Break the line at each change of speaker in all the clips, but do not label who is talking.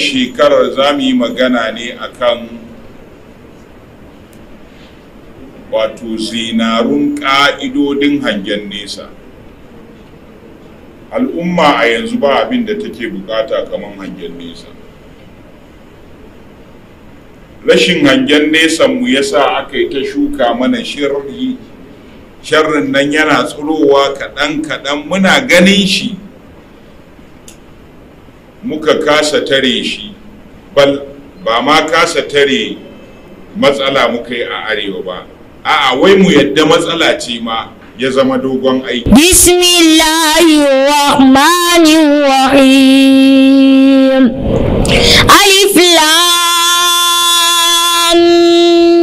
shekarar za mu yi magana ne akan wato zinarun ƙa'idodin hangen nesa al'umma a yanzu ba abin da take bukata kamar hangen nesa rashin hangen nesanmu ya sa aka yi ta shuka mana shirri sharrin nan yana tsirowa kaɗan-kaɗan muna ganin shi muka kasa tare shi bal ba ma kasa tare matsala muka yi a arewa ba a wai mu yadda matsala ce ma ya zama dogon aiki
bismillahirrahmanirrahim alif lam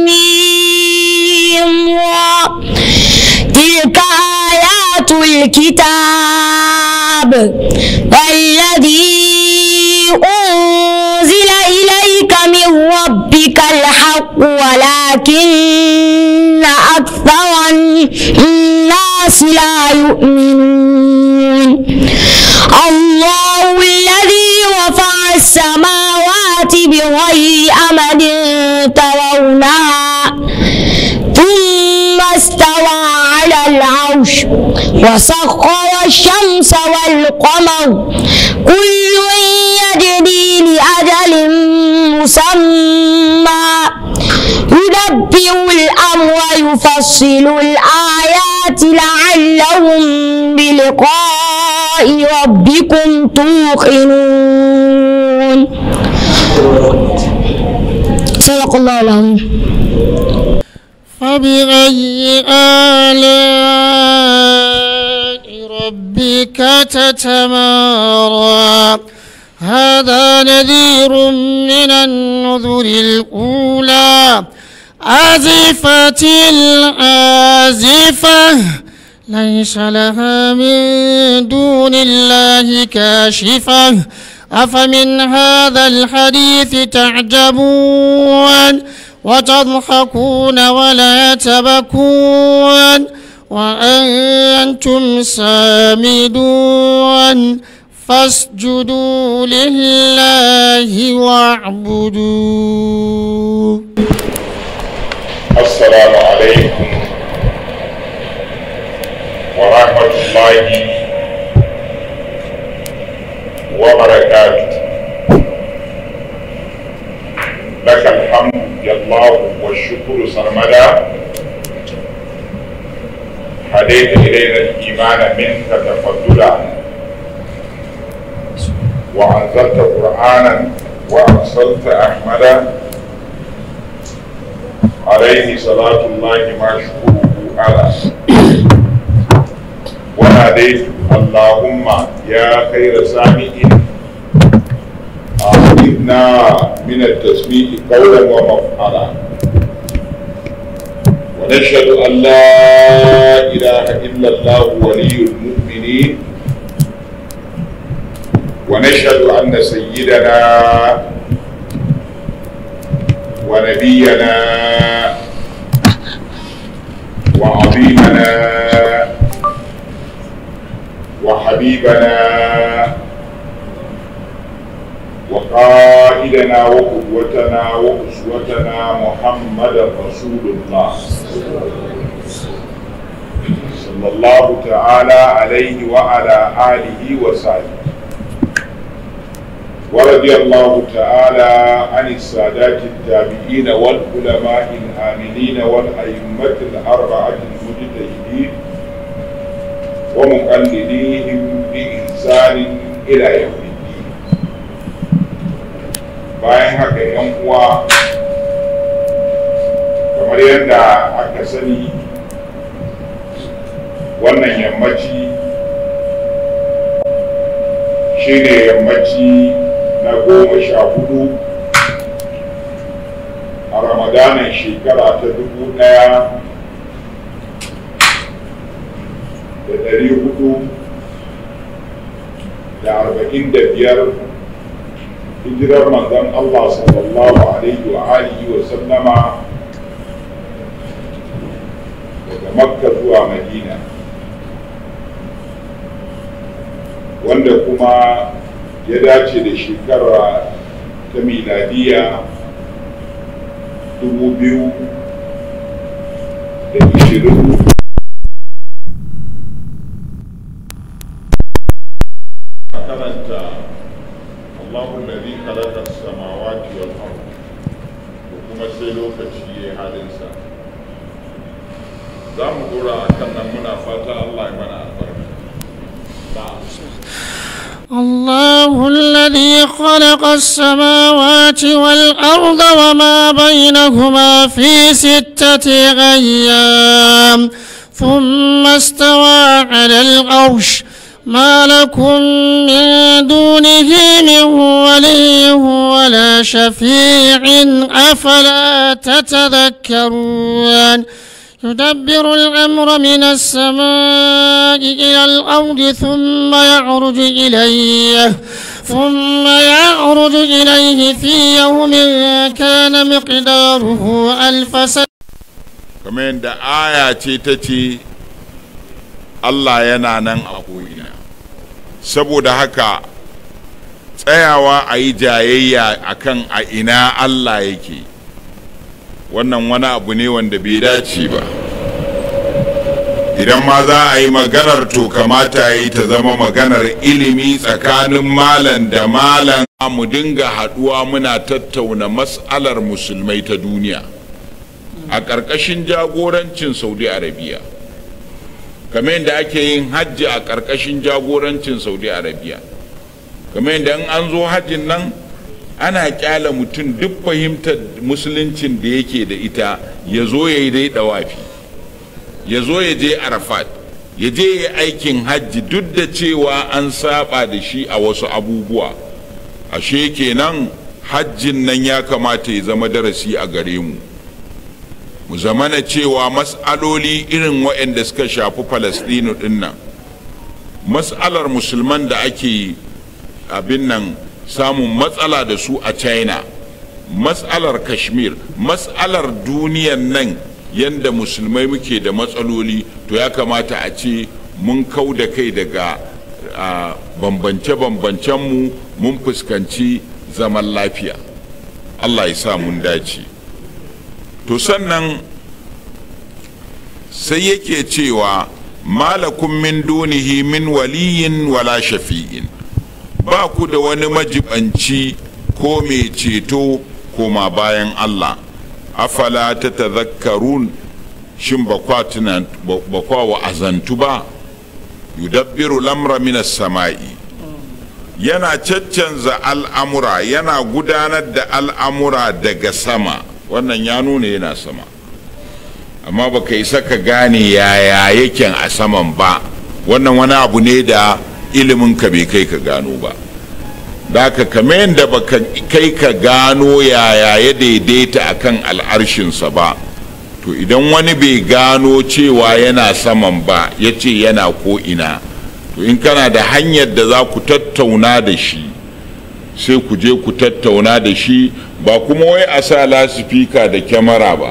mim wa tilka ayatul kitab والذي من ربك الحق ولكن أكثر الناس لا يؤمنون الله الذي رفع السماوات بغير أمد ترونها ثم استوى على العرش وسخر الشمس والقمر كل يجري لأجل مسمى يدبر الأمر يفصل الآيات لعلهم بلقاء ربكم توقنون صدق الله العظيم
فبأي آلاء ربك تتمارى هذا نذير من النذر الأولى أزفت الآزفة ليس لها من دون الله كاشفة أفمن هذا الحديث تعجبون وتضحكون ولا تبكون وأنتم سامدون فاسجدوا لله واعبدوا
السلام عليكم ورحمة الله وبركاته لك الحمد الله والشكر سرمدا هديت إلينا الإيمان منك تفضلا وأنزلت قرآنا وأرسلت أحمدا عليه صلاة الله ما شكره على وناديت اللهم يا خير سامعين أعطنا من التسميع قولا ومفعلا ونشهد أن لا إله إلا الله ولي المؤمنين ونشهد أن سيدنا ونبينا وعظيمنا وحبيبنا sayyana wa kuwatana wa kuwatana muhammadan rasulullah sallallahu ta'ala alaihi wa ala alihi wa sahbihi wa radiyallahu ta'ala an sadati tabi'in wal ulama al aminin wal a'immat al arba'at al mujtahidin wa muqallidihim bi ihsan ila yawm bayan haka yan uwa kamar yadda aka sani wannan yammaci shi ne yammaci na goma sha hudu a ramadanin shekara ta dubu daya da dari hudu da arba'in da biyar hijirar magan Allah sallallahu alaihi wa alihi wa sallama daga makka zuwa madina wanda kuma ya dace da shekara ta miladiya dubu biyu da ishirin karanta الله الذي خلق السماوات والأرض وكما سيلو كشي هذا الإنسان za mu dora a kan nan muna
الله الذي خلق السماوات والأرض وما بينهما في ستة أيام ثم استوى على العرش ما لكم من دونه من ولي ولا شفيع أفلا تتذكرون يدبر الأمر من السماء إلى الأرض ثم يعرج إليه ثم يعرج إليه في يوم كان مقداره ألف سنة
كمان ده آية تتي الله ينعنا أقوينا saboda haka tsayawa a yi jayayya akan a ina Allah yake wannan wani abu ne wanda bai dace ba idan ma za a yi maganar to kamata yi ta zama maganar ilimi tsakanin malam da malam mu dinga haɗuwa muna tattauna mas'alar musulmai ta duniya a ƙarƙashin jagorancin saudi Arabiya. kamar yadda ake yin hajji a ƙarƙashin jagorancin saudi arabia kamar yadda in an zo hajjin nan ana kyala mutum duk fahimtar musuluncin da yake da ita ya zo ya yi dai dawafi ya zo ya je arafat ya je ya aikin hajji duk da cewa an saba da shi a wasu abubuwa ashe kenan hajjin nan ya kamata ya zama darasi a gare mu mu zamana cewa mas'aloli irin waɗanda suka shafi falastinu dinnan mas'alar musulman da ake abin nan samun matsala da su a china mas'alar kashmir mas'alar duniyan nan yadda musulmai muke da matsaloli to ya kamata a ce mun kau da kai daga bambance bambancen mu mun fuskanci zaman lafiya allah ya sa mun dace to sannan sai yake cewa malakun min dunihi min waliyin wala shafi'in ba ku da wani majibanci ko mai ceto ko ma bayan Allah afala ta tazakkarun shin ba kwa azantu ba yudabbiru lamra minas sama'i yana caccanza al'amura yana gudanar da al'amura daga sama wannan ya nuna yana sama amma baka isa ka gane yaya yaken a saman ba wannan wani abu ne da ilimin ka bai kai ka gano ba da ka kame yadda baka kai ka gano yaya ya daidaita a kan al'arshinsa ba to idan wani bai gano cewa yana saman ba ya ce yana ko ina to in kana da hanyar da za ku tattauna da shi sai ku je ku tattauna da shi ba kuma wai a sa lasifika da kyamara ba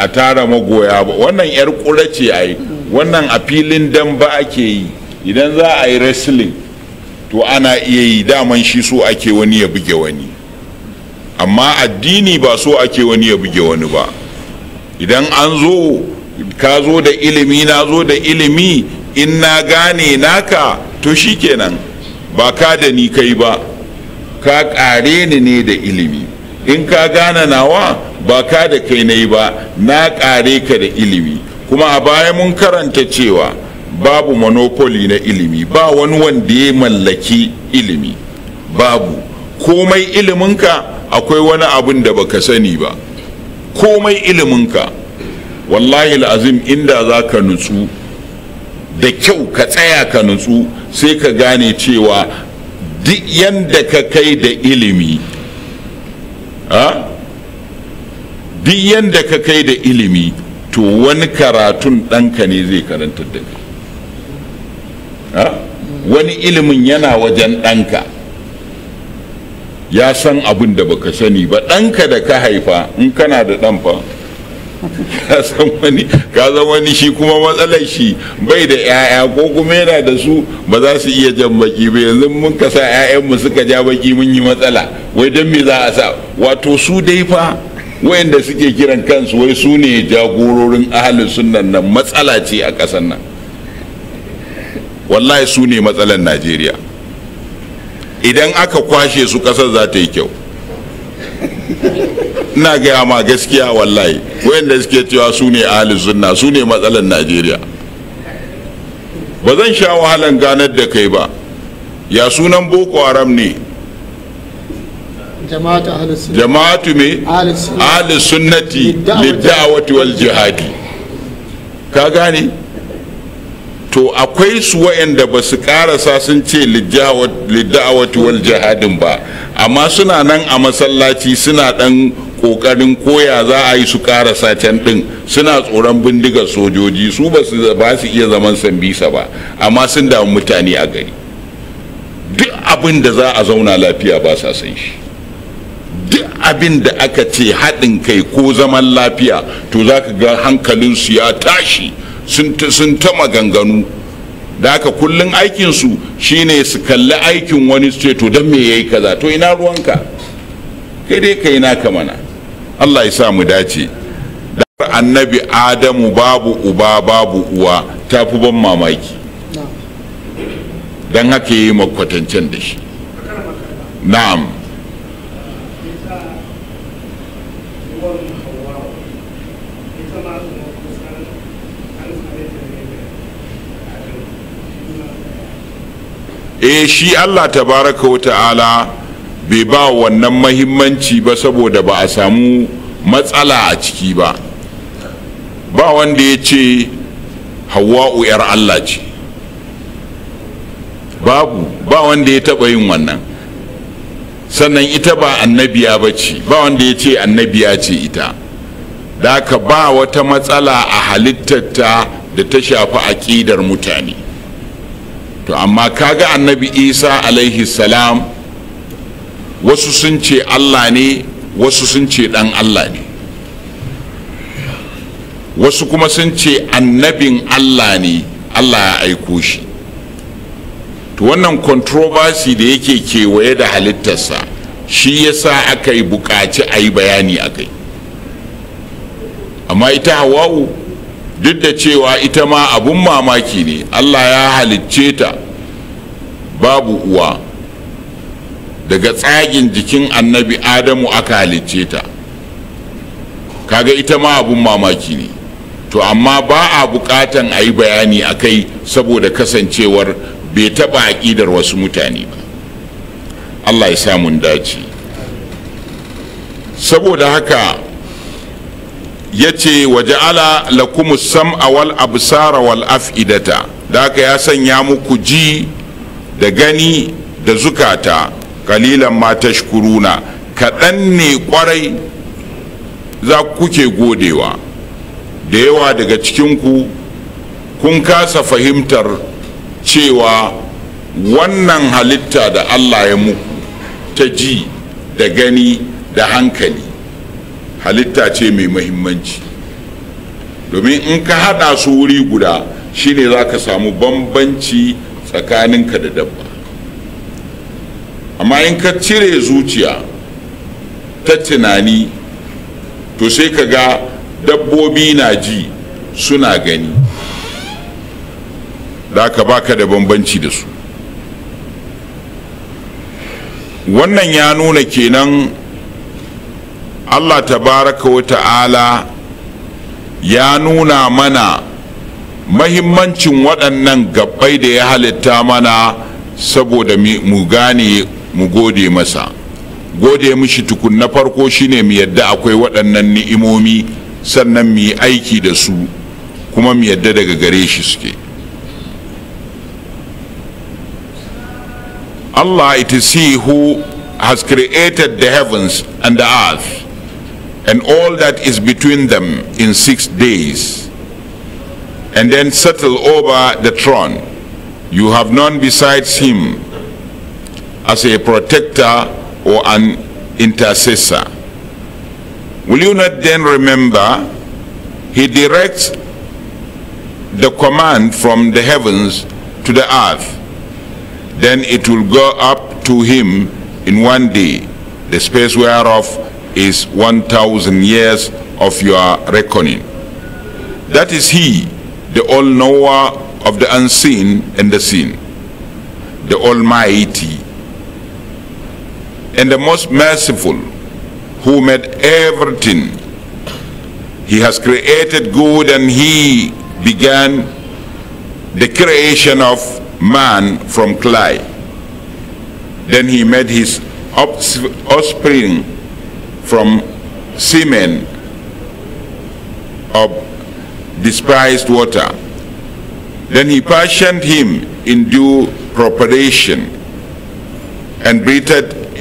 a tara magoya ba wannan 'yar kura ce a yi wannan a filin dan ba ake yi idan za a yi wrestling to ana iya yi daman shi so ake wani ya buge wani amma addini ba so ake wani ya buge wani ba idan an zo ka zo da ilimi na zo da ilimi in na gane naka to shi kenan ba ka da ni kai ba ka kare ni ne da ilimi in ka gane nawa ba ka da kai na ba na ƙare ka da ilimi kuma a baya mun karanta cewa babu monopoly na ilimi ba wani wanda ya mallaki ilimi babu komai iliminka akwai wani abin da baka sani ba komai iliminka wallahi azim inda za ka nutsu da kyau ka tsaya ka nutsu sai ka gane cewa duk yadda ka kai da ilimi duk yadda ka kai da ilimi to wani karatun ɗanka ne zai karantar da kai wani ilimin yana wajen ɗanka ya san abin da baka sani ba ɗanka da ka haifa in kana da ɗanfa ka san wani shi kuma matsalar shi bai da 'ya'ya ko kuma yana da su ba za su iya jan baki ba yanzu mun ka sa 'ya'yanmu suka ja baki mun yi matsala wai don me za a sa wato su dai fa wayanda suke kiran kansu wai su ne jagororin ahalin sunan nan matsala ce a ƙasar nan wallahi su ne matsalar najeriya idan aka kwashe su ƙasar za ta yi kyau na gaya ma gaskiya wallahi wayanda suke cewa su ne ahli sunna su ne matsalar najeriya ba zan sha wahalan ganar da kai ba ya sunan boko haram ne jama'atu me ahli sunnati lidda'awati wal jihadi ka gane to akwai su wayanda ba su karasa sun ce lidda'awati wal jihadin ba amma suna nan a masallaci suna dan kokarin koya za a yi su karasa can din suna tsoron bindigar sojoji su ba su ba su iya zaman sambisa ba amma sun damu mutane a gari duk abin da za a zauna lafiya ba sa san shi duk abin da aka ce haɗin kai ko zaman lafiya to za ka ga hankalinsu ya tashi sun ta maganganu da haka kullun aikinsu shine su kalli aikin wani su ce to don me yayi kaza to ina ruwanka kai dai kai naka mana Allah ya sa mu dace dar annabi adamu babu uba babu uwa ta fi ban mamaki don haka yi makwatancen da shi na'am e shi allah tabaraka wa ta'ala bai ba wannan mahimmanci ba saboda ba a samu matsala a ciki ba ba wanda ya ce hawa'u 'yar allah ce babu ba wanda ya taɓa yin wannan sannan ita ba annabiya ba ce ba wanda ya ce annabiya ce ita da ka ba wata matsala a halittarta da ta shafi aƙidar mutane to amma kaga annabi isa alaihi salam wasu sun ce allah ne wasu sun ce dan allah ne wasu kuma sun ce annabin allah ne allah ya aiko shi to wannan controversy da yake kewaye da halittarsa shi ya sa aka yi bukaci a yi bayani a kai amma ita hawa'u duk da cewa ita ma abun mamaki ne allah ya halicce ta babu uwa daga tsagin jikin annabi adamu aka halicce ta kaga ita ma abun mamaki ne to amma ba a bukatan a yi bayani a kai saboda kasancewar bai taɓa aƙidar wasu mutane ba allah ya samun dace saboda haka yace waja'ala lakumus sam'a wal absara wal af'idata da aka ya sanya muku ji da gani da zukata kalilan ma tashkuruna kaɗan ne kwarai za kuke godewa da yawa daga cikinku kun kasa fahimtar cewa wannan halitta da allah ya muku ta ji da gani da hankali halitta ce mai mahimmanci domin in ka hada su wuri guda shine za ka samu bambanci tsakaninka da dabba amma in ka cire zuciya ta tunani to sai ka ga dabbobi na ji suna gani da ka baka da bambanci da su wannan ya nuna kenan allah tabaraka wa ta'ala ya nuna mana mahimmancin waɗannan gabbai da ya halitta mana saboda mu gane mu gode masa gode mishi tukun na farko shine mu yadda akwai waɗannan ni'imomi sannan mu yi aiki da su kuma mu yadda daga gare shi suke Allah it is he who has created the heavens and the earth and all that is between them in six days, and then settle over the throne. You have none besides him as a protector or an intercessor. Will you not then remember he directs the command from the heavens to the earth. Then it will go up to him in one day, the space whereof is 1,000 years of your reckoning. That is He, the all-knower of the unseen and the seen, the Almighty, and the most merciful, who made everything. He has created good and He began the creation of man from clay. Then He made His offspring from semen of despised water. Then he fashioned him in due preparation and breathed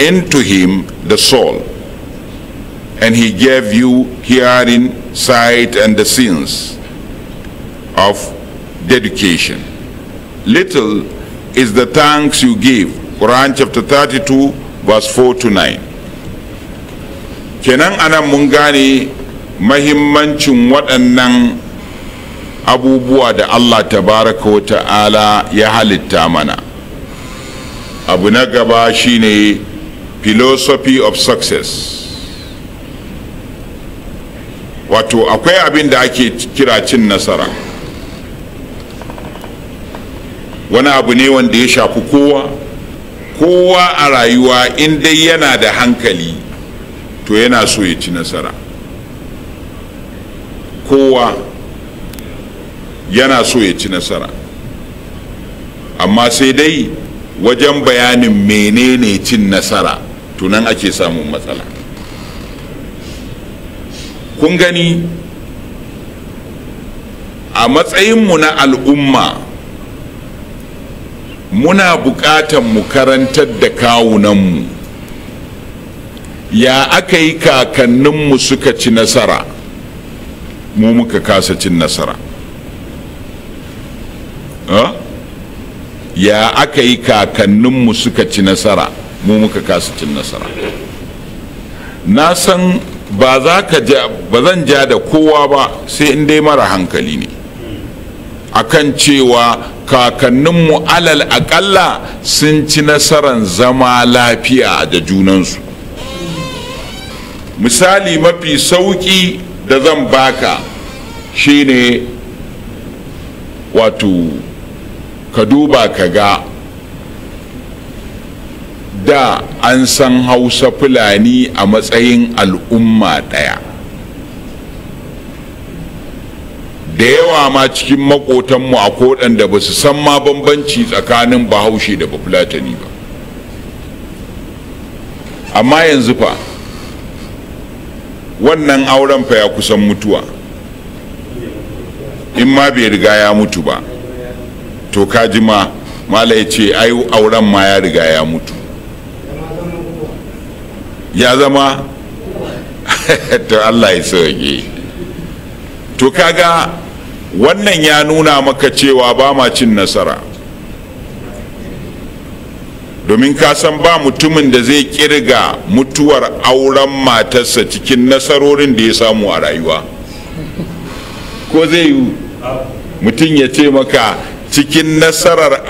into him the soul. And he gave you hearing, sight, and the sins of dedication. Little is the thanks you give. Quran chapter 32, verse 4 to 9. kenan anan mun gane mahimmancin waɗannan abubuwa da allah tabaraka wa ta'ala ya halitta mana abu na gaba shine philosophy of success wato akwai abin da ake kira cin nasara wani abu ne wanda ya shafi kowa kowa a rayuwa in dai yana da hankali to yana so ya ci nasara kowa yana so ya ci nasara amma sai dai wajen bayanin menene cin nasara tunan ake samun matsala kun gani a matsayinmu na al'umma muna bukatan mu karantar da kawunanmu ya aka yi kakanninmu suka ci nasara mu muka kasa cin nasara ya aka yi kakanninmu suka ci nasara mu muka kasa cin nasara na san ba za ka ja ba zan ja da kowa ba sai in dai mara hankali ne akan cewa kakanninmu alal akalla sun ci nasarar zama lafiya da junansu misali mafi sauki da zan baka shine wato ka duba ka ga da an san hausa fulani a matsayin al'umma ɗaya da yawa ma cikin maƙotanmu a kodan da ba su san ma bambanci tsakanin bahaushe da bafulatani ba amma yanzu fa wannan auren fa ya kusan mutuwa in ma bai riga ya mutu ba to ji ma mala ya ce ai auren ma ya riga ya mutu ya zama to allah ya sauke to kaga wannan ya nuna maka cewa ba ma cin nasara domin ka san ba mutumin da zai kirga mutuwar auren matarsa cikin nasarorin da ya samu a rayuwa ko zai yi mutum ya ce maka cikin nasarar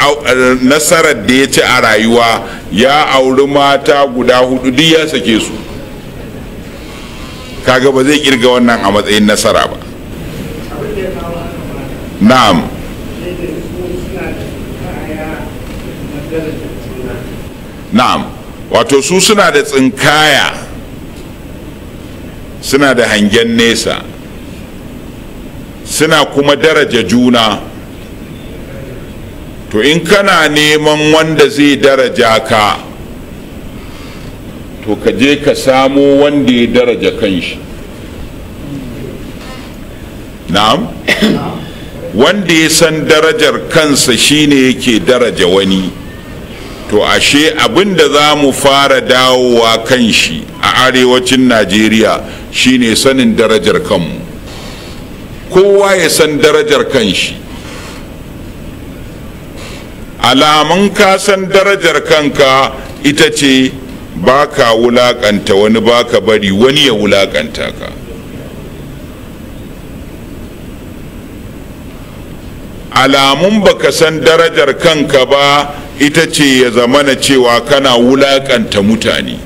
da ya ci a rayuwa ya auri mata guda hudu duk ya sake su kaga ba zai kirga wannan a matsayin nasara ba na'am na'am wato su suna da tsinkaya suna da hangen nesa suna kuma daraja juna to in kana neman wanda zai daraja ka to ka je ka samo wanda ya daraja kanshi na'am wanda ya san darajar kansa shine yake daraja wani to ashe abin da za mu fara dawowa kan shi a arewacin najeriya shine sanin darajar kanmu kowa ya san darajar kan shi alamun ka san darajar kanka ita ce ba ka wulakanta wani ba ka bari wani ya wulakanta ka alamun ba ka san darajar kanka ba ita ce ya zamana cewa kana wulakanta mutane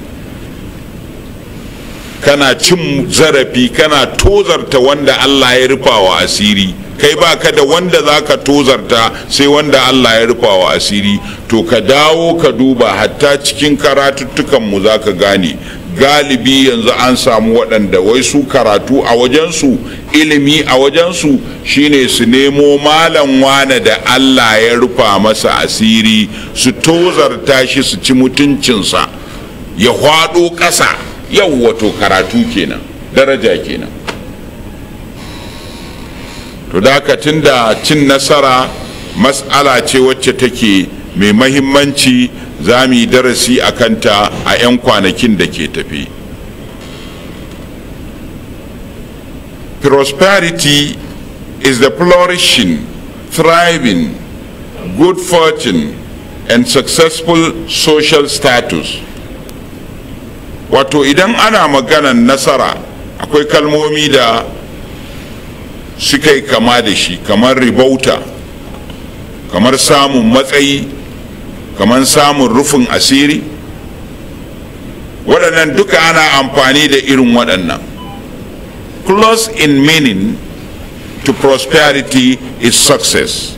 kana cin zarafi kana tozarta wanda allah ya rufawa asiri kai ba ka da wanda za ka tozarta sai wanda allah ya rufawa asiri to ka dawo ka duba hatta cikin karatuttukanmu za ka gane galibi yanzu an samu waɗanda wai su karatu a wajensu ilimi a wajensu shine su nemo malam wane da allah ya rufa masa asiri su tozarta shi su ci mutuncinsa ya hwaɗo ƙasa yau wato karatu kenan daraja kenan to da da cin nasara mas'ala ce wacce take mai mahimmanci za mu yi darasi a kanta a 'yan kwanakin da ke tafi prosperity is the flourishing thriving good fortune and successful social status wato idan ana maganan nasara akwai kalmomi da suka yi kama da shi kamar ribauta kamar samun matsayi kamar samun rufin asiri waɗannan duka ana amfani da irin waɗannan close in meaning to prosperity is success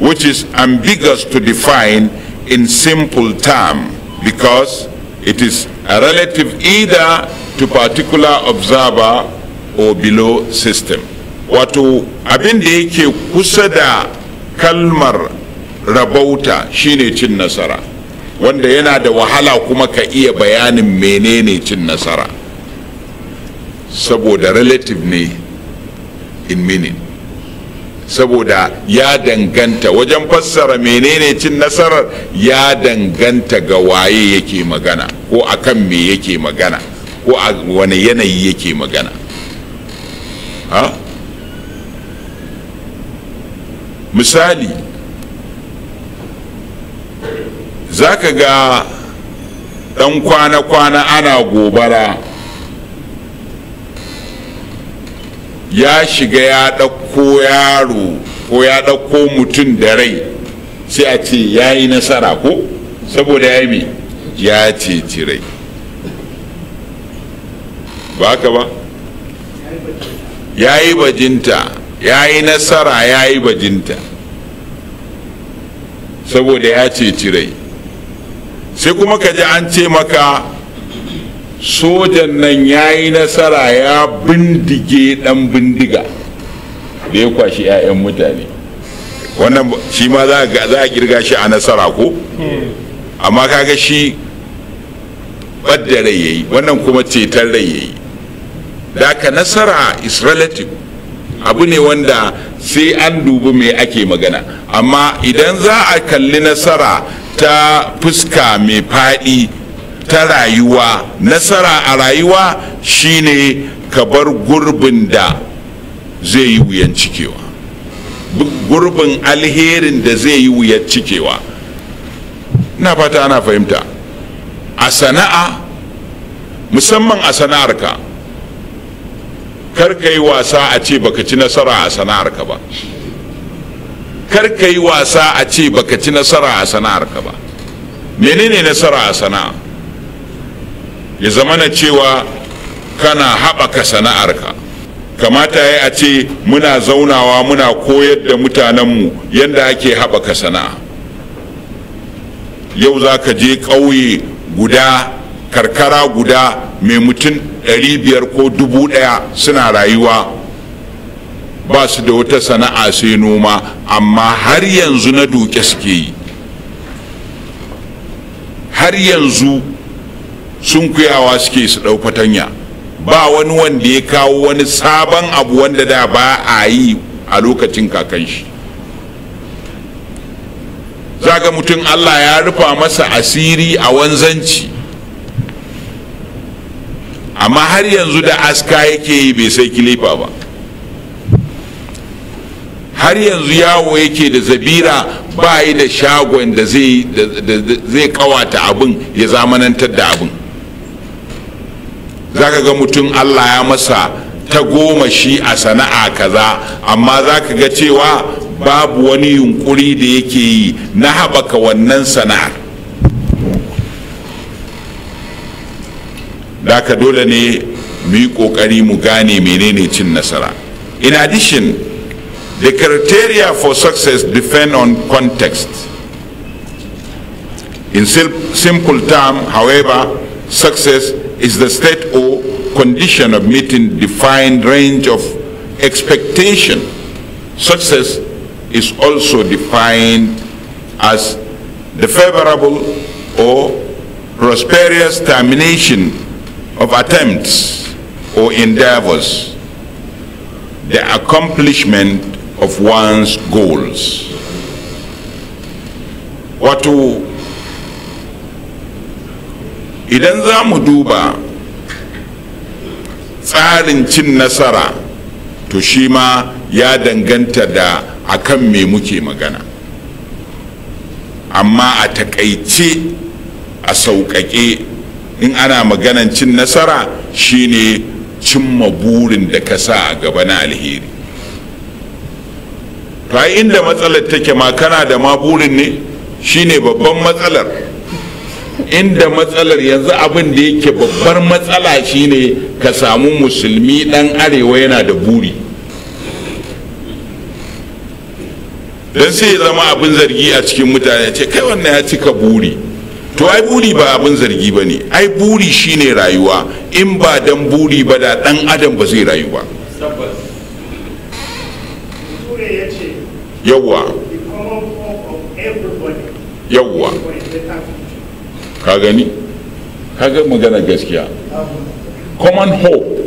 which is ambiguous to define in simple term because it is a relative either to particular observer or below system wato abin da yake kusa da kalmar rabauta shine cin nasara wanda yana da wahala kuma ka iya bayanin menene cin nasara saboda relative ne in meaning saboda ya danganta wajen fassara menene cin nasara ya danganta ga waye yake magana ko akan me yake magana ko a wani yanayi yake magana ha ah? misali za ka ga ɗan kwana-kwana ana gobara ya shiga ya ɗauko yaro ko ya ɗauko mutum da rai sai a ce ya yi nasara ko saboda ya yi ya ceci rai ba ka ba ya yi bajinta ya yi nasara ya yi bajinta saboda ya ceci rai sai kuma ka ji an ce maka sojan nan ya yi nasara ya bindige dan bindiga da ya kwashi 'ya'yan mutane wannan shi ma za a girga shi a nasara ko amma kaga shi rai yayi wannan kuma cetar rai yayi da ka nasara is relative abu ne wanda sai an dubi mai ake magana amma idan za a kalli nasara ta fuska mai faɗi ta rayuwa nasara a rayuwa shine ka bar gurbin da zai yi wuyan cikewa gurbin alherin da zai yi wuyan cikewa na fata ana fahimta a sana'a musamman a sana'arka kar ka yi wasa a ce baka ci nasara a sana'arka ba kar ka yi wasa a ce baka ci nasara a sana'ar ka ba menene nasara a sana'a ya zama na cewa kana haɓaka sana'ar ka kamata ya a ce muna zaunawa muna koyar da mutanenmu yadda ake haɓaka sana'a yau za ka je ƙauye guda karkara guda mai mutum 500 ko 1000 suna rayuwa ba su da wata sana'a sai noma amma har yanzu na duke suke yi har yanzu sun kuyawa suke su ɗau fatanya ba wani wanda ya kawo wani sabon abu wanda da ba a yi a lokacin kakan shi zaga mutum allah ya rufa masa asiri a wanzanci amma har yanzu da aska yake yi bai sai kilifa ba har yanzu yawo yake da zabira ba yi da shagon da zai kawata abin ya zamanantar da abin za ka ga mutum allah ya masa ta goma shi a sana'a kaza amma za ka ga cewa babu wani yunkuri da yake yi na haɓaka wannan sana'ar da ka dole ne mu yi ƙoƙari mu gane menene cin nasara in addition The criteria for success depend on context. In simple terms, however, success is the state or condition of meeting defined range of expectation. Success is also defined as the favorable or prosperous termination of attempts or endeavors, the accomplishment of one's goals. Wato, idan za mu duba tsarin cin nasara to shi ma ya danganta da akan me muke magana. Amma a takaice a sauƙaƙe in ana maganan cin nasara shine cimma burin da ka sa a gaba na alheri ta inda matsalar take ma kana da ma burin ne shine babban matsalar inda matsalar yanzu abin da yake babbar matsala shine ka samu musulmi dan arewa yana da buri don sai ya zama abin zargi a cikin mutane ce kai wannan ya cika buri to ai buri ba abin zargi ba ne ai buri shine rayuwa in ba dan buri ba da dan adam ba zai rayu ba yawwa yawwa ka gani kaga magana gaskiya common hope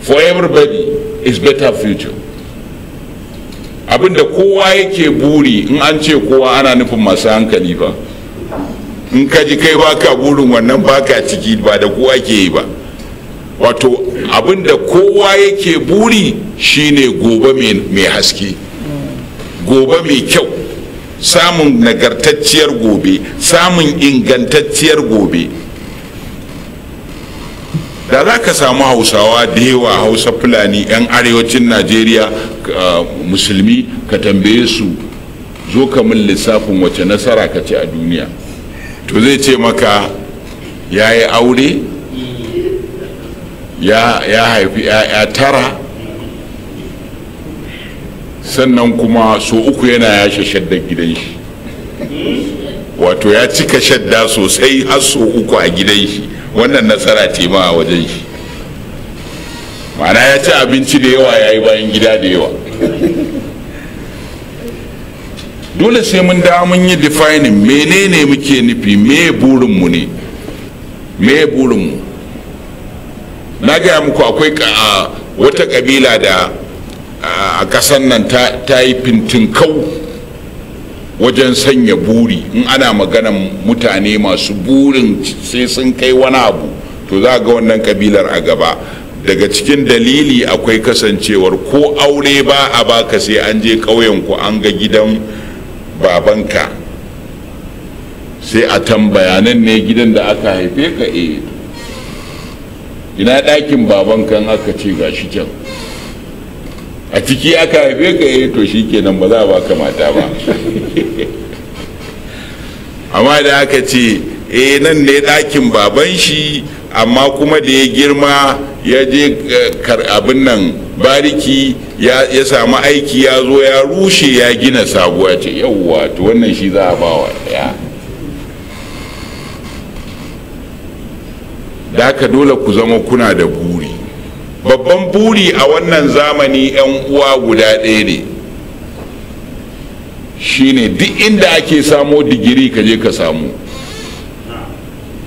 for everybody is better future abinda kowa yake buri in an ce kowa ana nufin masu hankali ba in ka ji kai baka burin wannan baka ciki ba da kowa ke yi ba wato abinda kowa yake buri shine gobe mai haske gobe mai kyau samun nagartacciyar gobe samun ingantacciyar gobe da za ka samu hausawa da yawa hausa fulani 'yan arewacin najeriya musulmi ka tambaye su zo ka min lissafin wace nasara ka ce a duniya to zai ce maka ya yi aure ya haifi 'ya'ya tara sannan kuma so uku yana yashe shaddar gidan shi wato ya cika shadda sosai har so uku a gidan shi wannan nasara ce ma a wajen shi ma'ana ya ci abinci da yawa ya yi bayan gida da yawa dole sai mun da mun yi defining menene muke nufi me burinmu ne me burinmu na gaya muku akwai wata kabila da a ƙasar nan ta yi kau wajen sanya buri in ana maganan mutane masu burin sai sun kai wani abu to za ga wannan kabilar a gaba daga cikin dalili akwai kasancewar ko aure ba a baka sai an je ku an ga gidan babanka sai a tambaya nan ne gidan da aka haife ka e ina dakin babanka aka ce gashi can a ciki aka haife ka yi eh, to shi kenan ba za a baka mata ba amma da aka ce e nan ne dakin baban shi amma kuma da ya girma ya je eh, abin nan bariki ya samu aiki ya zo ya rushe ya gina sabuwa ce yauwa to wannan shi za a bawa ya da haka dole ku zama kuna da buri babban buri a wannan zamani 'yan uwa guda ɗaya ne shine duk inda ake samo digiri ka je ka samu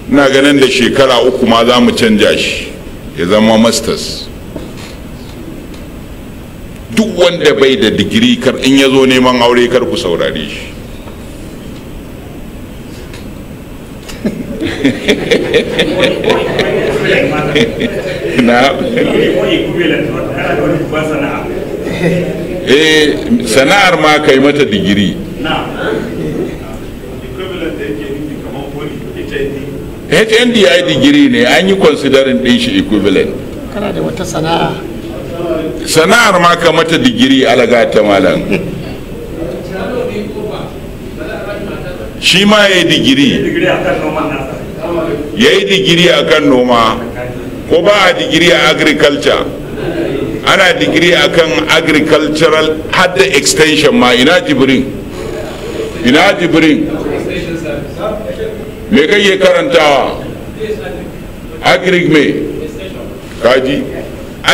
na ganin da shekara uku ma za mu canja shi ya zama masters duk wanda bai da digiri kar in ya zo neman aure kar ku saurare shi na eh sana'ar ma kai mata digiri hnd ya yi digiri ne an yi considering din shi equivalent
kana da wata sana'a
sana'ar ma ka mata digiri alaga ta malam shi ma ya yi digiri ya yi digiri a kan noma ko ba a digiri a agriculture ana digiri a kan agricultural hard extension ma ina jibirin ina jibirin me kake karantawa agric me kaji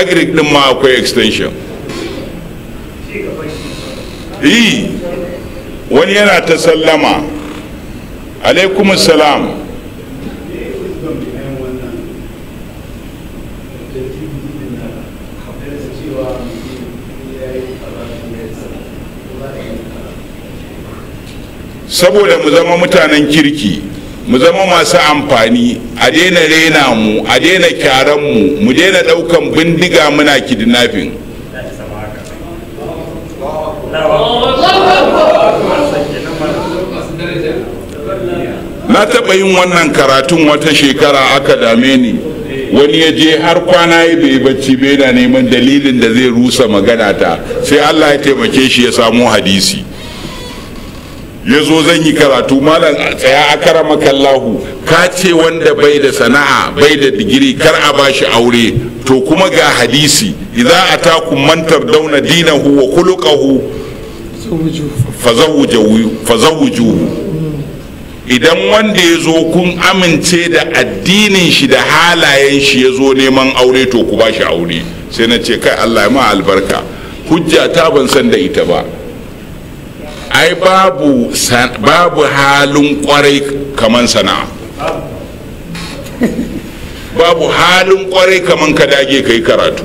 agric din ma akwai extension yi wani yana ta sallama alaikum salam saboda mu zama mutanen kirki mu zama masu amfani a daina rena mu a daina kyaran mu mu daina daukan bindiga muna kidnapping na taɓa yin wannan karatun wata shekara aka dame ni wani ya je har kwana ya bai bacci bai na neman dalilin da zai rusa magana ta sai allah ya taimake shi ya samu hadisi ya zo zan yi karatu malam tsaya a karama kallahu ka ce wanda bai da sana'a bai da digiri kar a bashi aure to kuma ga hadisi idza atakum man tardawna dinahu wa khuluquhu fazawujuhu idan wanda ya zo kun amince da addinin shi da halayen shi ya zo neman aure to ku bashi aure sai na ce kai Allah ya ma albarka hujja ta ban san da ita ba ai babu babu halin kwarai kaman sana'a babu halin kwarai kaman ka dage ka karatu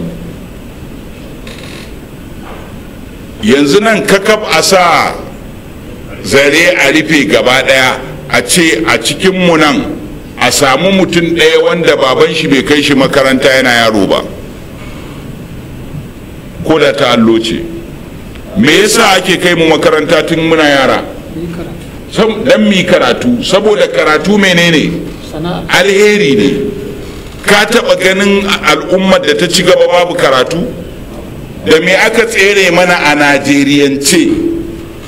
yanzu nan kakab a sa zare a rufe gaba daya a ce a cikinmu nan a samu mutum ɗaya wanda baban shi bai kai shi makaranta yana yaro ba ko da ta allo ce me yasa ake kai mu makaranta tun muna yara dan mi karatu saboda karatu menene alheri ne ka taba ganin al'ummar da ta ci gaba babu karatu da me aka tsere mana a najeriyance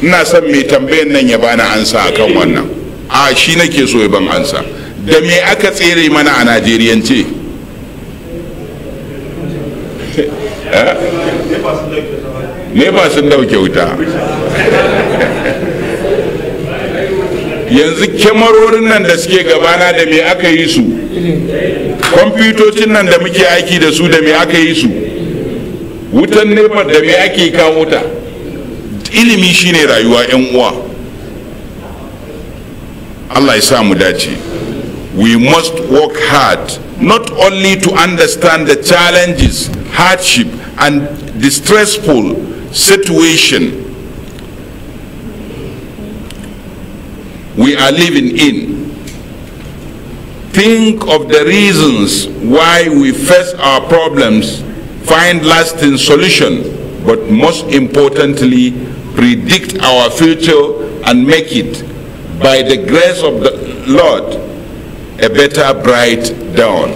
ina son mai tambayan nan ya bani ansa akan wannan a shi nake so ya ban ansa da me aka tsere mana a najeriyance eh? ba sun dauke wuta yanzu kyamarorin nan da suke gabana da me aka yi su kwamfutocin nan da muke aiki da su da me aka yi su wutan nema da me ake kawo ta ilimi shine rayuwa 'yan uwa allah ya sa mu dace we must work hard not only to understand the challenges hardship and distressful situation we are living in. Think of the reasons why we face our problems, find lasting solution, but most importantly, predict our future and make it, by the grace of the Lord, a better bright dawn.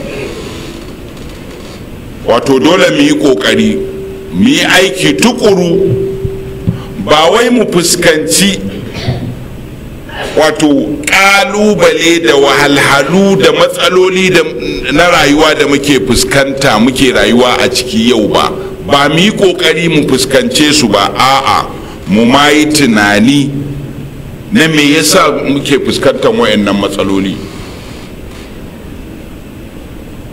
Wato dole mu yi ƙoƙari mu yi aiki tukuru ba wai mu fuskanci wato kalubale da wahalhalu da matsaloli na rayuwa da muke fuskanta muke rayuwa a ciki yau ba ba mu yi kokari mu fuskance su ba a'a mu ma yi tunani na me yasa muke fuskantar wayannan matsaloli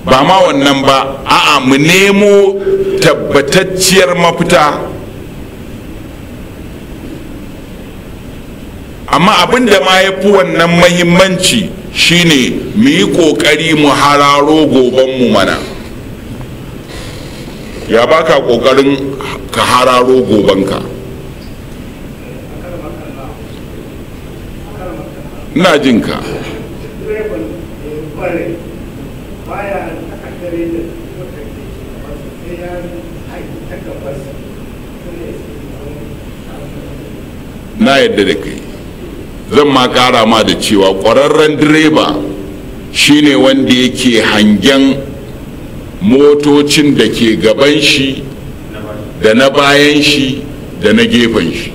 ba ma wannan ba a'a mu nemo tabbatacciyar mafita amma abin da ma ya fi wannan mahimmanci shine mu yi ƙoƙari mu hararo gobanmu mana ya baka ƙoƙarin ka hararo gobanka ina jin ka. na yadda da kai zan ma kara ma da cewa ƙwararren direba shine wanda yake hangen motocin da ke gaban shi da na bayan shi da na gefen shi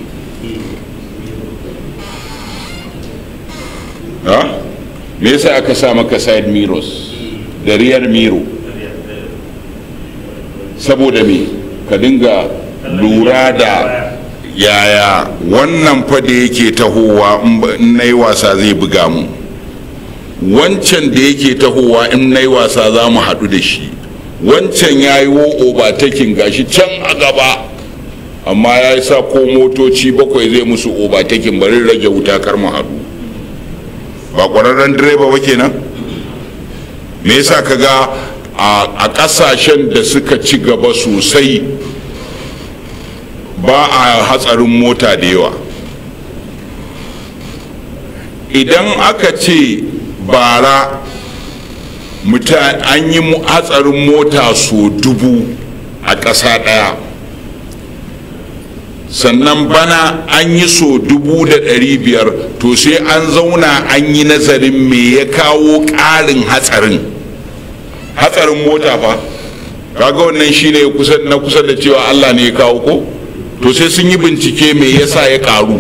me yasa aka sa maka side mirrors da rear mirror saboda me ka dinga lura da yaya wannan fada yake tahowa in na yi wasa zai buga mu wancan da yake tahowa in na yi wasa za mu haɗu da shi wancan ya yi wo'o ba takin gashi can a gaba amma ya yi sa ko motoci bakwai zai musu obatakin bari rage wuta kar mu haɗu ba ƙwararren direba ba kenan me yasa ka ga a kasashen da suka ci gaba sosai ba a hatsarin mota da yawa idan aka ce bara an yi hatsarin mota so dubu a ƙasa ɗaya sannan bana an yi so dubu da ɗari biyar to sai an zauna an yi nazarin me ya kawo ƙarin hatsarin hatsarin mota fa kaga wannan shine ne na kusa da cewa Allah ne ya kawo ko to sai sun yi bincike mai yasa ya karu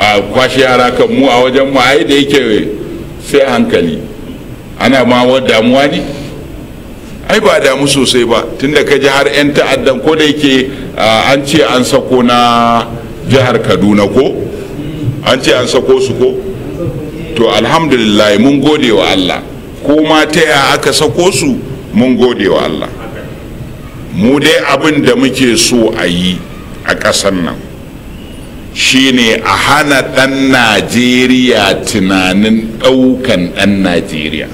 a kwashe yara kan mu a wajen mu ai da yake sai hankali ana ma damuwa ne ai ba damu sosai ba tunda ka ji har 'yan ta'addan ko da yake an ce an sako na jihar kaduna ko an ce an sako su ko to alhamdulillah mun gode wa allah ko ma ta ya aka sako su mun gode wa allah mu dai abin da muke so a yi a ƙasar nan shine a hana ɗan najeriya tunanin ɗaukan ɗan najeriya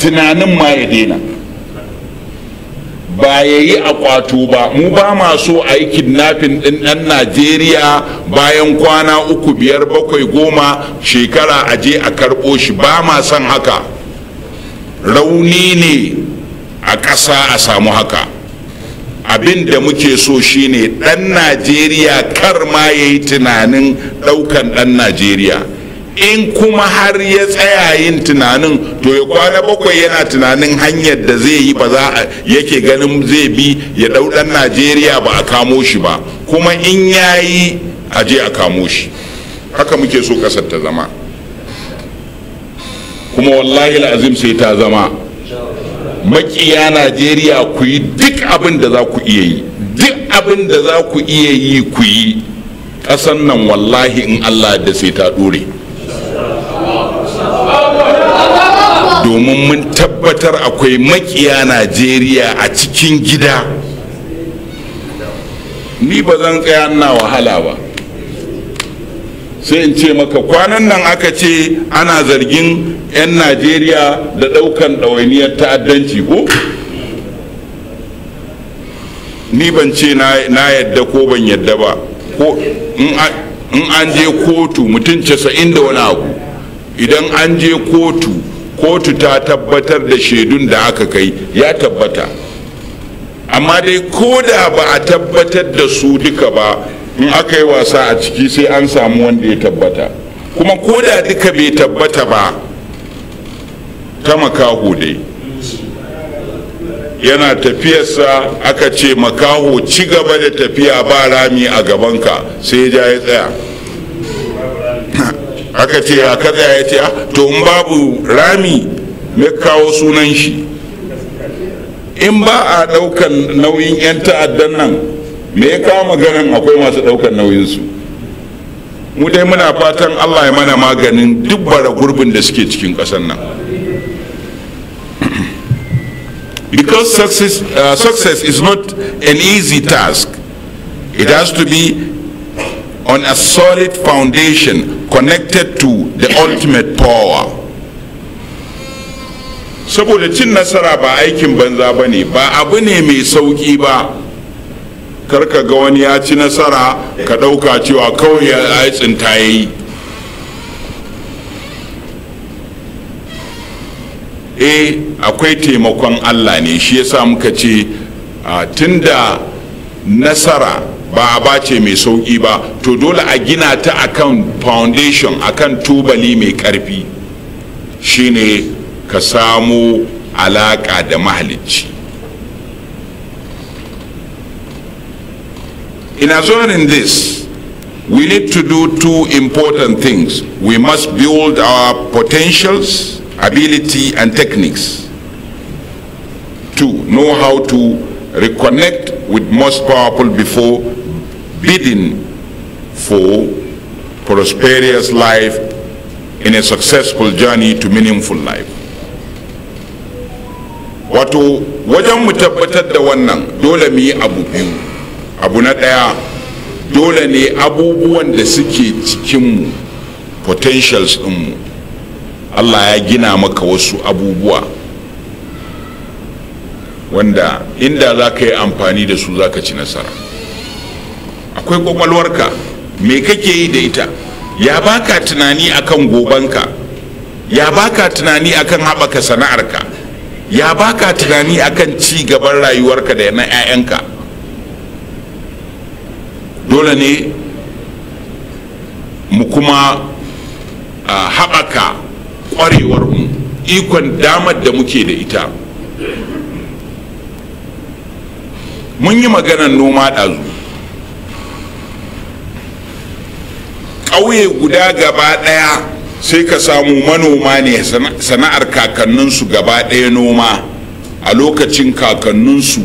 tunanin ma ya daina ba ya yi a kwato ba mu ba ma so a yi ɗin ɗan najeriya bayan kwana uku biyar bakwai goma shekara a je a karɓo shi ba ma son haka rauni ne a ƙasa a samu haka abin da muke so shine ɗan najeriya kar ma ya yi tunanin ɗaukan ɗan najeriya in kuma har ya tsaya yin tunanin to ya kwana bakwai yana tunanin hanyar da zai yi ba za a yake ganin zai bi ya ɗauɗan najeriya ba a kamo shi ba kuma in ya yi a je a kamo shi haka muke so kasar ta zama kuma wallahi la'azim sai ta zama makiya najeriya ku yi duk abin da za ku iya yi duk abin da za ku iya yi ku yi ƙasan nan wallahi in allah da sai ta ɗore domin mun tabbatar akwai makiya najeriya a cikin gida ni ba zan tsaya na wahala ba sai in ce maka kwanan nan aka ce ana zargin 'yan najeriya da daukan ɗawainiyar ta'addanci ko ni ban ce na yadda ko ban yadda ba ko in an je kotu mutum casa'in da wani abu idan an je kotu kotu ta tabbatar da shaidun da aka kai ya tabbata amma dai ko da ba a tabbatar da su duka ba in aka yi wasa a ciki sai an samu wanda ya tabbata kuma ko da duka bai tabbata ba ta makaho dai yana tafiyarsa aka ce makaho ci gaba da tafiya ba rami a gabanka sai ya ja ya tsaya aka ce a kaza ya ce ah, to in babu rami mai kawo sunan shi in ba a daukan nauyin 'yan ta'addan nan me ya kawo maganin akwai masu daukan nauyinsu mu dai muna fatan allah ya mana maganin duk bara gurbin da suke cikin kasan nan because success, uh, success is not an easy task it has to be on a solid foundation connected to the ultimate power saboda cin nasara ba aikin banza ba ne ba abu ne mai sauƙi ba karka ga wani ya ci nasara ka ɗauka cewa kawai ya tsinta ya yi e akwai taimakon allah ne shi yasa muka ce tunda nasara ba a bace mai sauƙi ba to dole a gina ta akan foundation akan tubali mai ƙarfi shine ka samu alaƙa da mahalicci in assuring this we need to do two important things we must build our potentials ability and techniques to know how to reconnect with most powerful before bidding for prosperous life in a successful journey to meaningful life wato wajen mu tabbatar da wannan dole mu yi abu biyu abu na ɗaya dole ne abubuwan da suke cikinmu potentials ɗinmu allah ya gina maka wasu abubuwa wanda inda za ka yi amfani da su za ka ci nasara akwai kwakwalwarka me kake yi da ita ya baka tunani akan gobanka ya baka tunani akan haɓaka sana'arka ya baka tunani akan ci gaban rayuwarka da na 'ya'yanka dole ne mu kuma haɓaka ƙwarewar mu ikon damar da muke da ita mun yi maganar noma ɗazu ƙauye guda gaba ɗaya sai ka samu manoma ne sana'ar kakanninsu gaba ɗaya noma a lokacin kakanninsu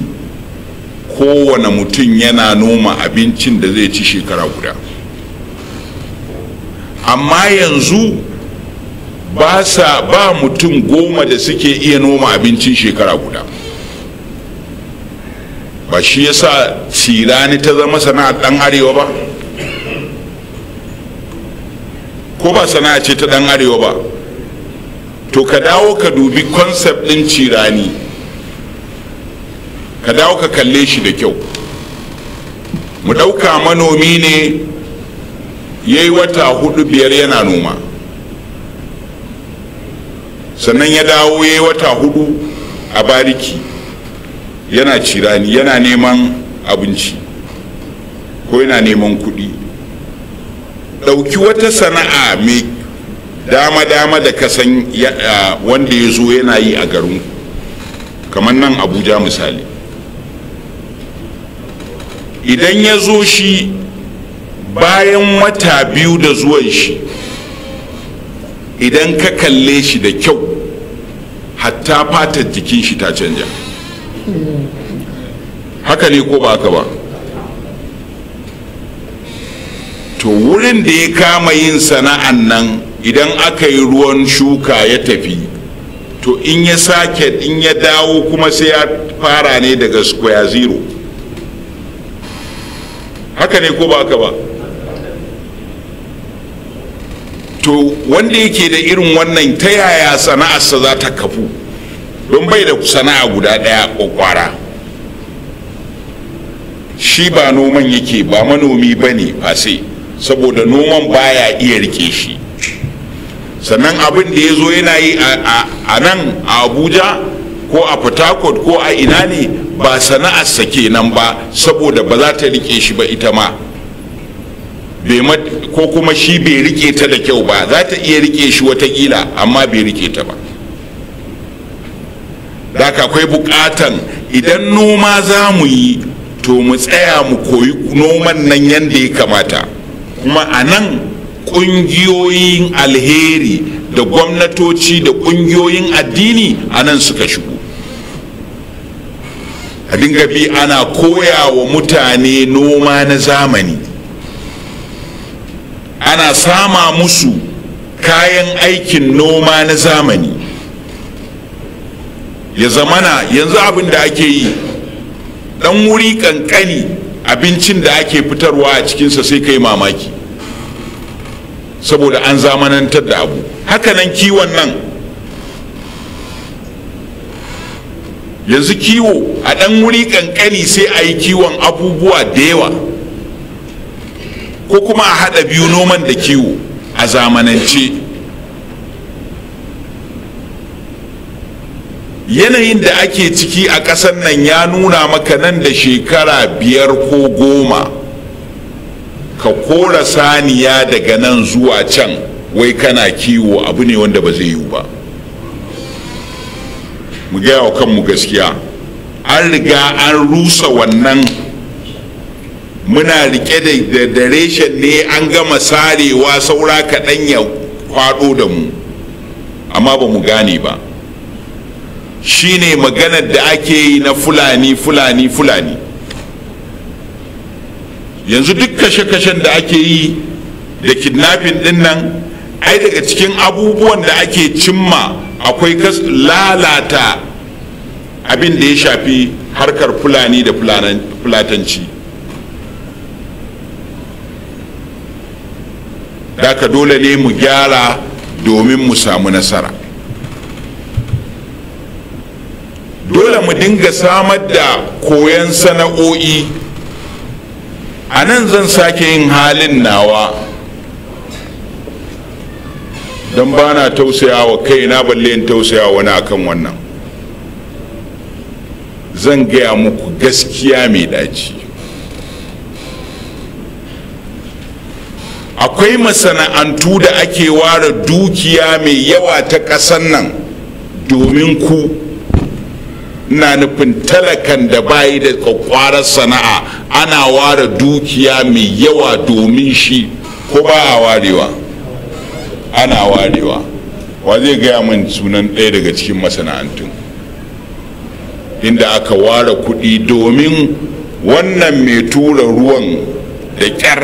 kowane mutum yana noma abincin da zai ci shekara guda amma yanzu ba sa ba mutum goma da suke iya noma abincin shekara guda ba shi yasa tsirani ta zama sana'ar ɗan arewa ba ko ba sana'a ce ta dan arewa ba to ka dawo ka dubi concept din cirani ka dawo ka kalle shi da kyau mu ɗauka manomi ne ya yi wata hudu biyar yana noma sannan ya dawo ya yi wata hudu a bariki yana cirani yana neman abinci ko yana neman kuɗi ɗauki wata sana'a mai dama-dama da kasan wanda ya zo yana yi a garin kamar nan abuja misali idan ya zo shi bayan wata biyu da zuwan shi idan ka kalle shi da kyau hatta fatar jikin shi ta canja haka ne ko ba haka ba to wurin da ya kama yin sana'an nan idan aka yi ruwan shuka ya tafi to in ya sake in ya dawo kuma sai ya fara ne daga square zero haka ne ko ba haka ba to wanda yake da irin wannan ta yaya sana'arsa za ta kafu don bai da sana'a guda ɗaya kwakwara shi ba noman yake ba manomi ba ne fase saboda noman baya iya rike shi sannan abin da ya zo yana yi a nan a abuja ko a fatakot ko a ina ne ba sana'ar sana'arsa kenan ba saboda ba za ta rike shi ba ita ma ko kuma shi bai rike ta da kyau ba za ta iya rike shi watakila amma bai rike ta ba da akwai bukatan idan noma za mu yi to mu tsaya mu koyi noman nan yadda ya kamata kuma a nan ƙungiyoyin alheri da gwamnatoci da ƙungiyoyin addini a nan suka shigo a dinga bi ana koya wa mutane noma na zamani ana sama musu kayan aikin noma na zamani ya zamana yanzu abin da ake yi dan wuri kankani abincin da ake fitarwa a cikinsa sai kai mamaki saboda an zamanantar da abu hakanan kiwon nan yanzu kiwo a ɗan wuri ƙanƙani sai a yi kiwon abubuwa da yawa ko kuma a haɗa biyu noman da kiwo a zamanance yanayin da ake ciki a ƙasar nan ya nuna maka nan da shekara biyar ko goma ka kora saniya daga nan zuwa can wai kana kiwo abu ne wanda ba zai yiwu ba mu gaya wa kanmu gaskiya an riga an rusa wannan muna rike da reshen ne an gama sarewa saura kaɗan ya kwaɗo da mu amma ba mu gane ba shine maganar da ake yi na fulani fulani fulani yanzu duk kashe-kashen da ake yi da kidnapping din nan ai daga cikin abubuwan da ake cimma akwai lalata abin da ya shafi harkar fulani da fulatanci ka dole ne mu gyara domin mu samu nasara dole mu dinga samar da koyon sana'o'i a nan zan sake yin halin nawa don ba na tausaya wa kai na balle in tausaya wani akan wannan zan gaya muku gaskiya mai daci akwai masana'antu da ake ware dukiya mai yawa ta ƙasan nan domin ku ina nufin talakan da bayi da kwakwarar sana'a ana ware dukiya mai yawa domin shi ko ba a warewa ana warewa wa zai gaya min sunan ɗaya daga cikin masana'antu inda aka ware kuɗi domin wannan mai tura ruwan da ƙyar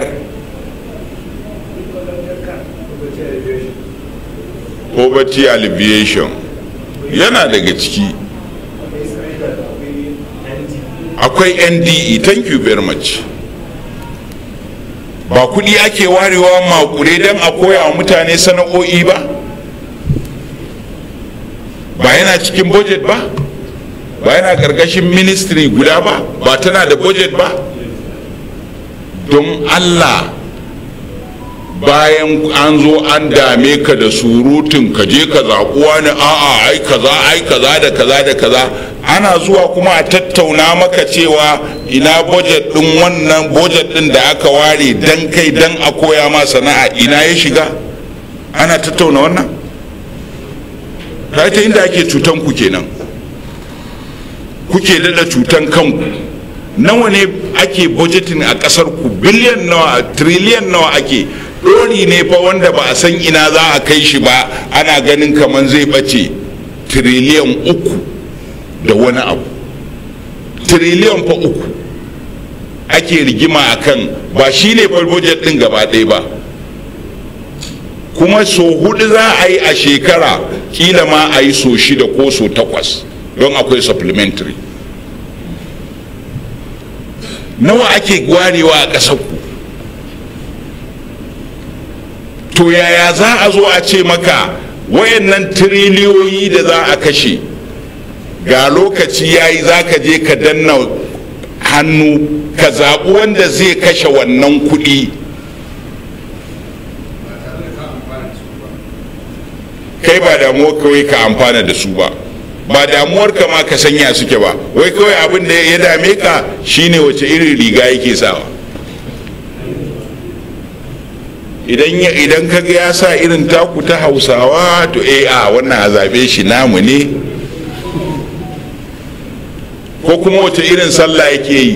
poverty alleviation yana daga ciki akwai nde thank you very much ba kudi ake warewa makure don a koya wa mutane sana'o'i ba ba yana cikin budget ba ba yana karkashin ministry guda ba ba tana da budget ba don allah bayan an zo an dame ka da surutun ka je ka zaƙuwa ne a'a ai kaza ai kaza da kaza da kaza ana zuwa kuma a tattauna maka cewa ina budget din wannan budget din da aka ware dan kai dan a koya ma sana'a ina ya shiga ana tattauna wannan ta inda ake cutan ku kenan kuke dada cutan kanku nawa ne ake budgeting a kasar ku biliyan nawa trillion nawa ake rori ne fa wanda ba a san ina za a kai shi ba ana ganin kamar zai bace tiriliyan uku da wani abu tiriliyan fa uku ake rigima a kan ba shi ne farbojet ɗin gaba ɗaya ba kuma so hudu za a yi a shekara kila ma a yi so shida ko so takwas don akwai supplementary nawa ake gwarewa a ƙasar to yaya za a zo a ce maka wayannan tiriliyoyi da za a kashe ga lokaci ya yi za ka je ka danna hannu ka zaɓi wanda zai kashe wannan kuɗi kai ba damuwar kawai ka amfana da su ba ba damuwar ka ma ka sanya suke ba wai kawai abin da ya dame ka shine wace irin riga yake sawa idan ya idan ka ya sa irin taku ta hausawa to eh a wannan a zabe shi namu ne ko kuma wata irin sallah yake yi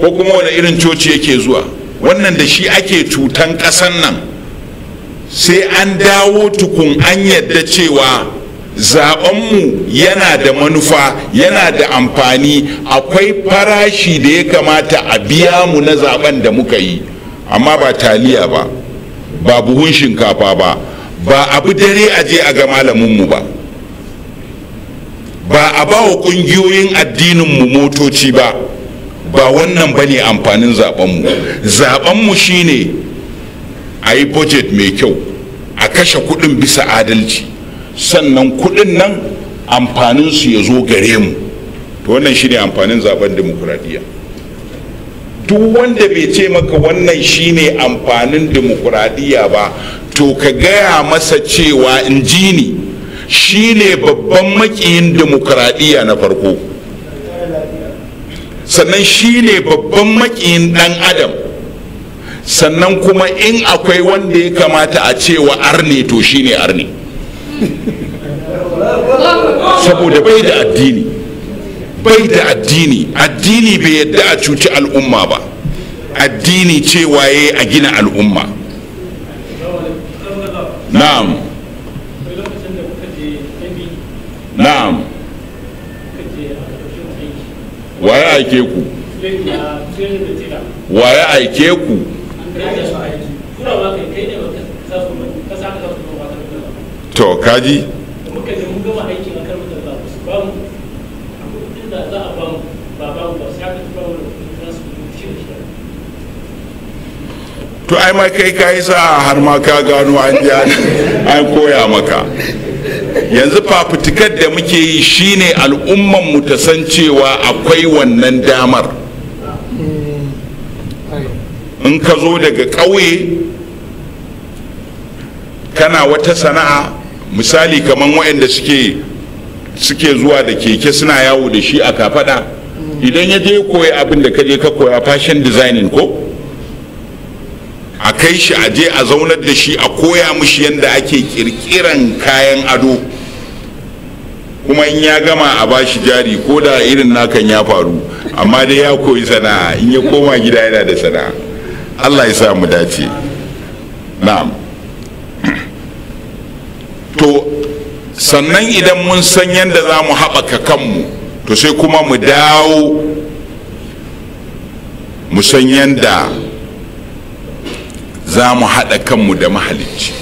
ko kuma wani irin coci yake zuwa wannan da shi ake cutan ƙasan nan sai an dawo tukun an yadda cewa zaɓenmu yana da manufa yana da amfani akwai farashi da ya kamata a biya mu na zaɓen da muka yi amma ba taliya ba ba buhun shinkafa ba ba abu dare a je a ga malaminmu ba ba a ba wa ƙungiyoyin addininmu motoci ba ba wannan ba ne amfanin zaɓenmu zaɓenmu shine a yi budget mai kyau a kashe kuɗin bisa adalci sannan kuɗin nan amfanin su ya zo gare mu to wannan shine amfanin zaɓen dimokuraɗiyya duk wanda bai ce maka wannan shine amfanin demokuraɗiyya ba to ka gaya masa cewa in ji ni shine babban makiyin demokuraɗiyya na farko sannan shine babban makiyin ɗan adam sannan kuma in akwai wanda ya kamata a cewa arne to shine arne saboda bai da addini bai da addini addini bai yadda a cuci al'umma ba addini cewa ya a gina al'umma na'am na'am waye aike ku waye aike ku to kaji to ai ma kai ka sa har ma ka gano an an koya maka yanzu fafutukar da muke yi shine al'umman mu ta san cewa akwai wannan damar in ka zo daga ƙauye kana wata sana'a misali kamar waɗanda suke suke zuwa da keke suna yawo da shi a kafada idan ya je koyi abin da ka je ka koya fashion designing ko a kai shi a je a zaunar da shi a koya mushi yadda ake kirkiran kayan ado kuma in ya gama a bashi jari ko da irin nakan ya faru amma dai ya koyi sana'a in ya koma gida yana da sana'a allah ya sa mu dace na'am to sannan idan mun san yadda za mu haɓaka kanmu to sai kuma mu dawo mu san yadda za mu haɗa kanmu da mahalicci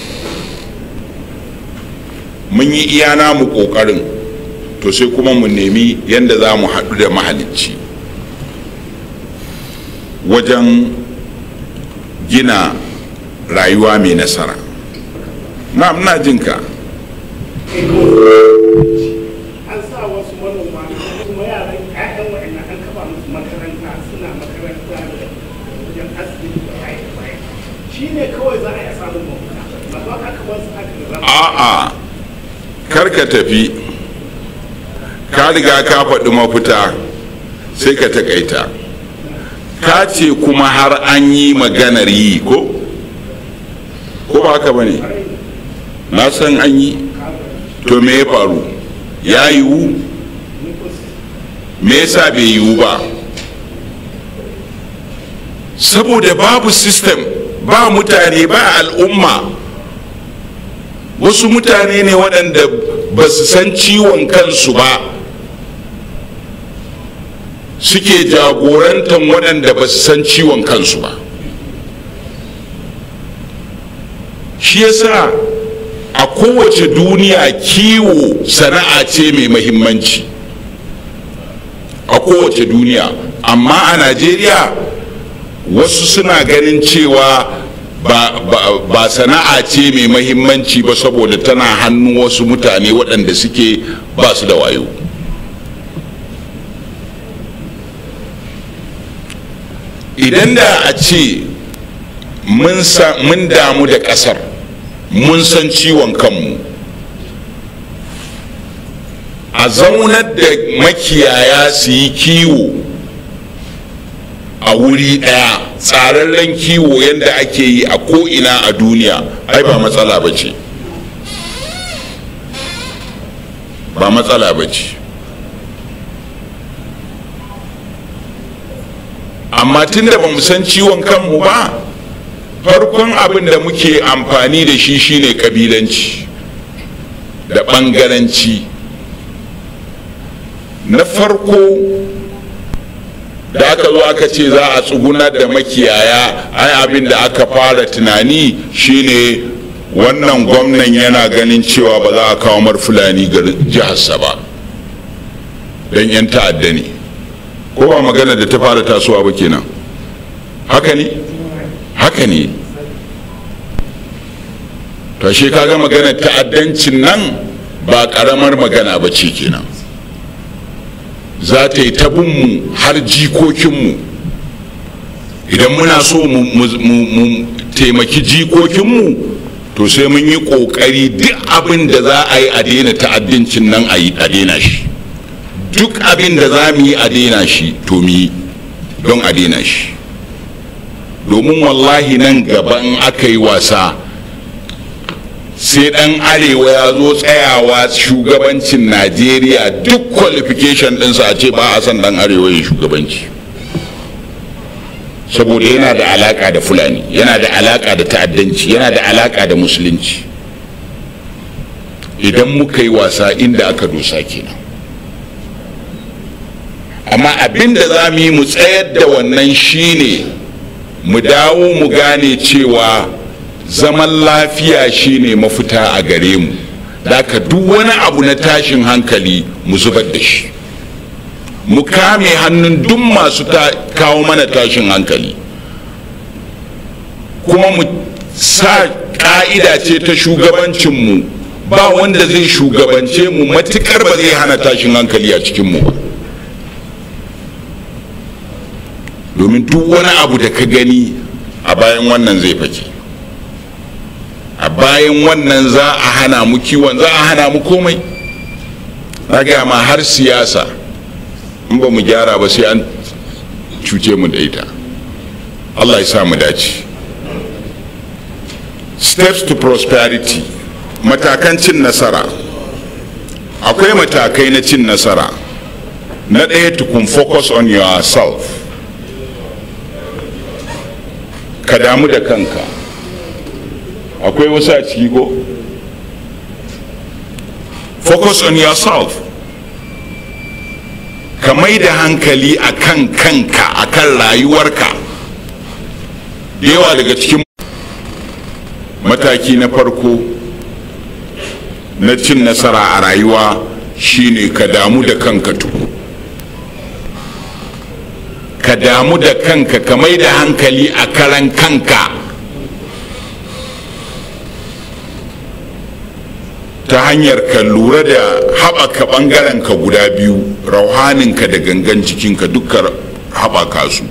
mun yi iya namu ƙoƙarin to sai kuma mu nemi yadda za mu haɗu da mahalicci wajen gina rayuwa mai nasara na jin jinka a'a kar ka tafi ka riga ka faɗi mafita sai ka takaita ka ce kuma har an yi maganar yi ko ko ba haka ba ne na san an yi to me ya faru ya yiwu me yasa bai yiwu ba saboda babu system ba mutane ba al'umma wasu mutane ne waɗanda ba su san ciwon kansu ba suke jagorantar waɗanda ba su san ciwon kansu ba shi yasa a kowace duniya kiwo sana'a ce mai mahimmanci a kowace duniya amma a najeriya wasu suna ganin cewa ba sana'a ce mai mahimmanci ba saboda tana hannu wasu mutane waɗanda suke ba su da wayo idan da a ce mun damu da ƙasar mun san ciwon kanmu a zaunar da makiyaya su yi kiwo a wuri ɗaya tsararren kiwo yadda ake yi a ko'ina a duniya ai ba matsala ba ce ba matsala ba ce amma tun da ba mu san ciwon kanmu ba farkon abin da muke amfani da shi shine kabilanci da ɓangaranci na farko da aka zo aka ce za a tsugunar da makiyaya ai abin da aka fara tunani shine wannan gwamnan yana ganin cewa ba za a kawo mar fulani ga jiharsa ba don 'yan ta'adda ne ko ba magana da ta fara tasowa ba kenan haka ne haka ne to shi kaga magana ta'addancin nan ba karamar magana ba ce kenan za ta yi ta mu har jikokinmu idan muna so mu taimaki jikokinmu to sai mun yi ƙoƙari duk abin da za a yi a daina ta'addincin nan a daina shi duk abin da za mu yi a daina shi to mu yi don a daina shi domin wallahi nan gaban aka yi wasa sai dan arewa ya zo tsayawa shugabancin najeriya duk qualification ɗinsa a ce ba a san dan arewa ya shugabanci saboda yana da alaka da fulani yana da alaka da ta'addanci yana da alaka da musulunci idan muka yi wasa inda aka dosa kenan amma abinda za mu yi mu tsayar da wannan shine mu dawo mu gane cewa zaman lafiya shine mafita a gare mu da ka duk wani abu na tashin hankali mu zubar da shi mu kame hannun duk masu kawo mana tashin hankali kuma mu sa ka'ida ce ta shugabancinmu ba wanda zai shugabance mu matukar ba zai hana tashin hankali a cikinmu ba domin duk wani abu da ka gani a bayan wannan zai fake a bayan wannan za a hana mu kiwon za a hana mu komai na gaya ma har siyasa in ba mu gyara ba sai an cuce mu da ita allah ya sa mu dace steps to prosperity matakan cin nasara akwai matakai na cin nasara na ɗaya tukun focus on yourself ka damu da kanka akwai wasu a ciki ko focus on yourself ka mai da hankali a kan kanka a kan rayuwarka da yawa daga cikin mataki na farko na cin nasara a rayuwa shine ka damu da kanka tu ka damu da kanka ka mai da hankali a karan kanka ta hanyar ka lura da haɓaka ɓangaren ka guda biyu rauhaninka da gangan jikinka duka haɓaka su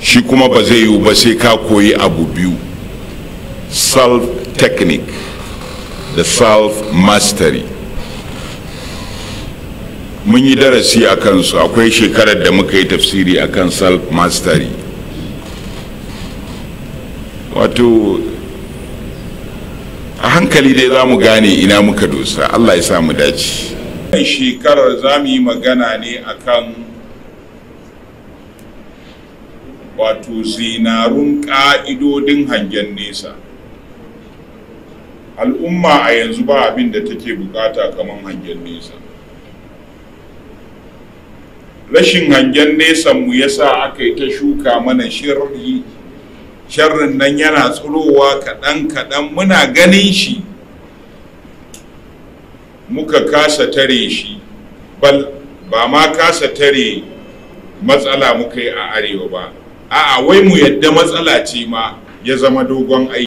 shi kuma ba zai yiwu ba sai ka koyi abu biyu self technique da self mastery mun yi darasi a kansu akwai shekarar da muka yi tafsiri akan self mastery wato a hankali dai za mu gane ina muka dosa allah ya sa mu dace shekarar za mu yi magana ne akan wato zinarun ƙa'idodin hangen nesa al'umma a yanzu ba abin da take bukata kamar hangen nesa rashin hangen nesa mu yasa aka yi ta shuka mana shirri sharrin nan yana tsurowa kaɗan-kaɗan muna ganin shi muka kasa tare shi ba ma kasa tare matsala muka yi a arewa ba a'a wai mu yadda matsala ce ma ya zama dogon aiki